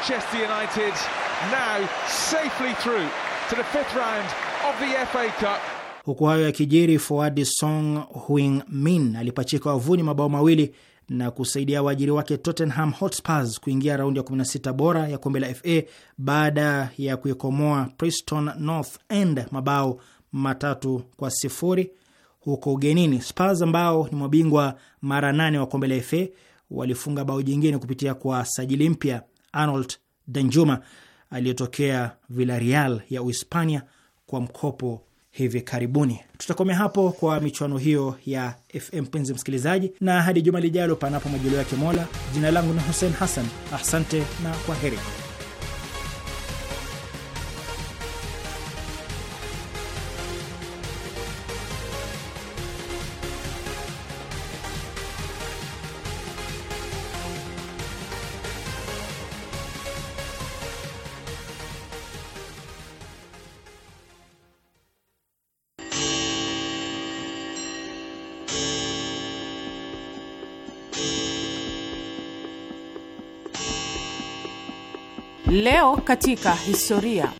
Manchester United now safely through to the fifth round of the FA Cup. Huku hayo yakijiri, Fuadi Song Huing Min alipachika wavuni mabao mawili na kusaidia waajiri wake Tottenham Hotspurs kuingia raundi ya 16 bora ya kombe la FA baada ya kuikomoa Preston North End mabao matatu kwa sifuri huko ugenini. Spurs ambao ni mabingwa mara nane wa kombe la FA walifunga bao jingine kupitia kwa sajili mpya Arnold Danjuma aliyetokea Villarreal ya Uhispania kwa mkopo hivi karibuni. Tutakomea hapo kwa michuano hiyo ya FM, mpenzi msikilizaji, na hadi juma lijalo, panapo majaliwa yake Mola. Jina langu ni Hussein Hassan, asante na kwa heri. Leo katika historia.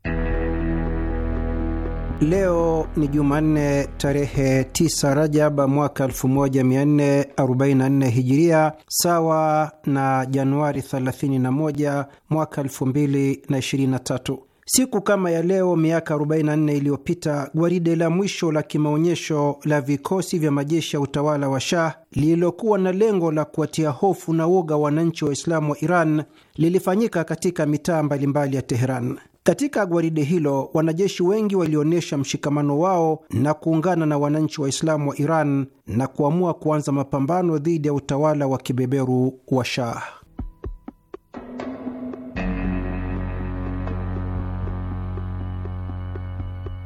Leo ni Jumanne tarehe 9 Rajab mwaka 1444 Hijiria, sawa na Januari 31 mwaka 2023. Siku kama ya leo miaka 44 iliyopita gwaride la mwisho la kimaonyesho la vikosi vya majeshi ya utawala wa Shah lililokuwa na lengo la kuwatia hofu na woga wananchi wa islamu wa Iran lilifanyika katika mitaa mbalimbali ya Teheran. Katika gwaride hilo wanajeshi wengi walionyesha mshikamano wao na kuungana na wananchi wa islamu wa Iran na kuamua kuanza mapambano dhidi ya utawala wa kibeberu wa Shah.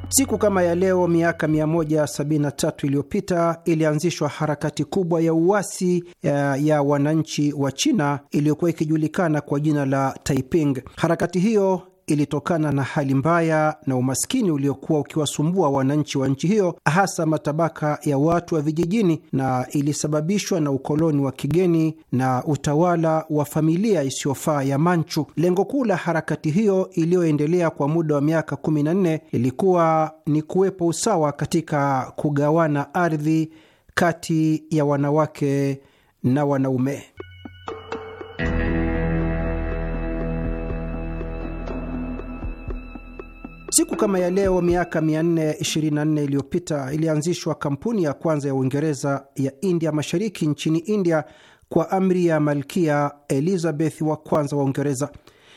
Siku kama ya leo miaka 173 iliyopita ilianzishwa harakati kubwa ya uasi ya, eh, ya wananchi wa China iliyokuwa ikijulikana kwa jina la Taiping. Harakati hiyo ilitokana na hali mbaya na umaskini uliokuwa ukiwasumbua wananchi wa nchi hiyo, hasa matabaka ya watu wa vijijini, na ilisababishwa na ukoloni wa kigeni na utawala wa familia isiyofaa ya Manchu. Lengo kuu la harakati hiyo iliyoendelea kwa muda wa miaka 14 ilikuwa ni kuwepo usawa katika kugawana ardhi kati ya wanawake na wanaume. Siku kama ya leo miaka 424 iliyopita ilianzishwa kampuni ya kwanza ya Uingereza ya India Mashariki nchini India kwa amri ya Malkia Elizabeth wa kwanza wa Uingereza.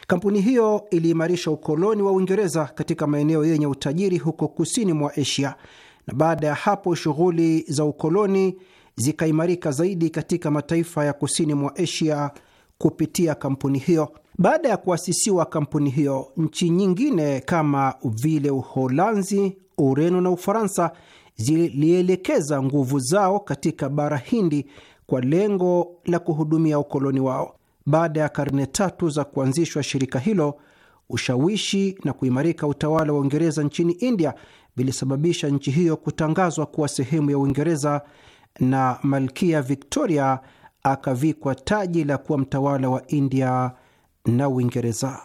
Kampuni hiyo iliimarisha ukoloni wa Uingereza katika maeneo yenye utajiri huko kusini mwa Asia, na baada ya hapo shughuli za ukoloni zikaimarika zaidi katika mataifa ya kusini mwa Asia kupitia kampuni hiyo. Baada ya kuasisiwa kampuni hiyo, nchi nyingine kama vile Uholanzi, Ureno na Ufaransa zilielekeza nguvu zao katika bara Hindi kwa lengo la kuhudumia ukoloni wao. Baada ya karne tatu za kuanzishwa shirika hilo, ushawishi na kuimarika utawala wa Uingereza nchini India vilisababisha nchi hiyo kutangazwa kuwa sehemu ya Uingereza na Malkia Victoria akavikwa taji la kuwa mtawala wa India na Uingereza.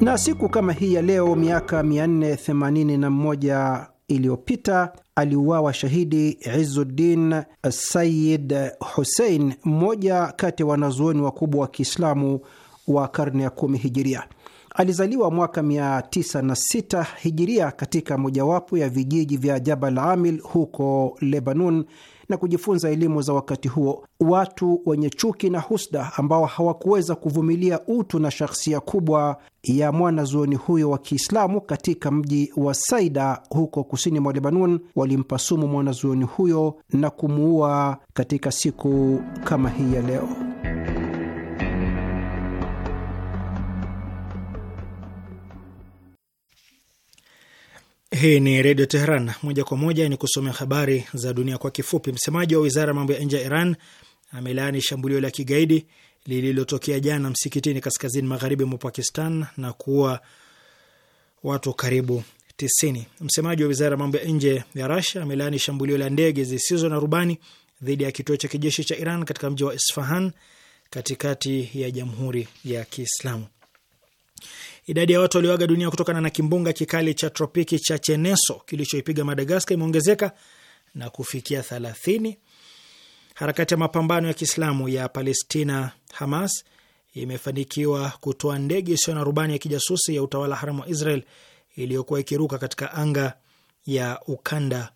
Na siku kama hii ya leo miaka 481 iliyopita aliuawa shahidi Izuddin Sayid Husein, mmoja kati ya wanazuoni wakubwa wa Kiislamu wa karne ya kumi hijiria. Alizaliwa mwaka 906 hijiria katika mojawapo ya vijiji vya Jabal Amil huko Lebanon na kujifunza elimu za wakati huo. Watu wenye chuki na husda ambao hawakuweza kuvumilia utu na shakhsia kubwa ya mwanazuoni huyo wa Kiislamu katika mji wa Saida huko kusini mwa Lebanon walimpa sumu mwanazuoni huyo na kumuua katika siku kama hii ya leo. Hii ni Redio Teheran moja kwa moja. Ni kusomea habari za dunia kwa kifupi. Msemaji wa wizara ya mambo ya nje ya Iran amelaani shambulio la kigaidi lililotokea jana msikitini kaskazini magharibi mwa Pakistan na kuua watu karibu tisini. Msemaji wa wizara ya mambo ya nje ya Rasia amelaani shambulio la ndege zisizo na rubani dhidi ya kituo cha kijeshi cha Iran katika mji wa Isfahan katikati ya Jamhuri ya Kiislamu. Idadi ya watu walioaga dunia kutokana na kimbunga kikali cha tropiki cha Cheneso kilichoipiga Madagaskar imeongezeka na kufikia thelathini. Harakati ya mapambano ya Kiislamu ya Palestina Hamas imefanikiwa kutoa ndege isiyo na rubani ya kijasusi ya utawala haramu wa Israel iliyokuwa ikiruka katika anga ya ukanda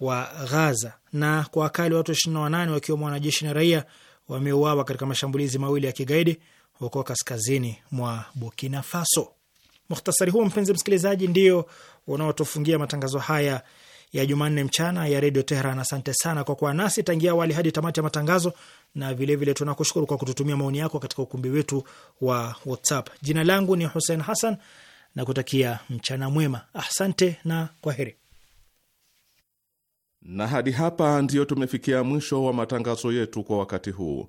wa Ghaza. Na kwa akali watu 28 wakiwemo wanajeshi na raia wameuawa katika mashambulizi mawili ya kigaidi huko kaskazini mwa Burkina Faso. Muhtasari huo mpenzi msikilizaji, ndio unaotufungia matangazo haya ya Jumanne mchana ya Redio Teheran. Asante sana kwa kuwa nasi tangia awali hadi tamati ya matangazo, na vilevile tunakushukuru kwa kututumia maoni yako katika ukumbi wetu wa WhatsApp. Jina langu ni Hussein Hassan na kutakia mchana mwema. Asante na kwa heri. Na hadi hapa ndiyo tumefikia mwisho wa matangazo yetu kwa wakati huu.